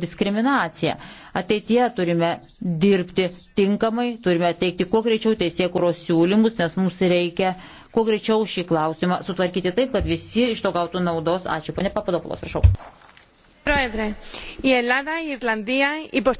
diskriminacija. Ateityje turime dirbti tinkamai, turime teikti kuo greičiau teisėkuros siūlymus, nes mums reikia kuo greičiau šį klausimą sutvarkyti taip, kad visi iš to gautų naudos. Ačiū, pane Papadopoulos, prašau.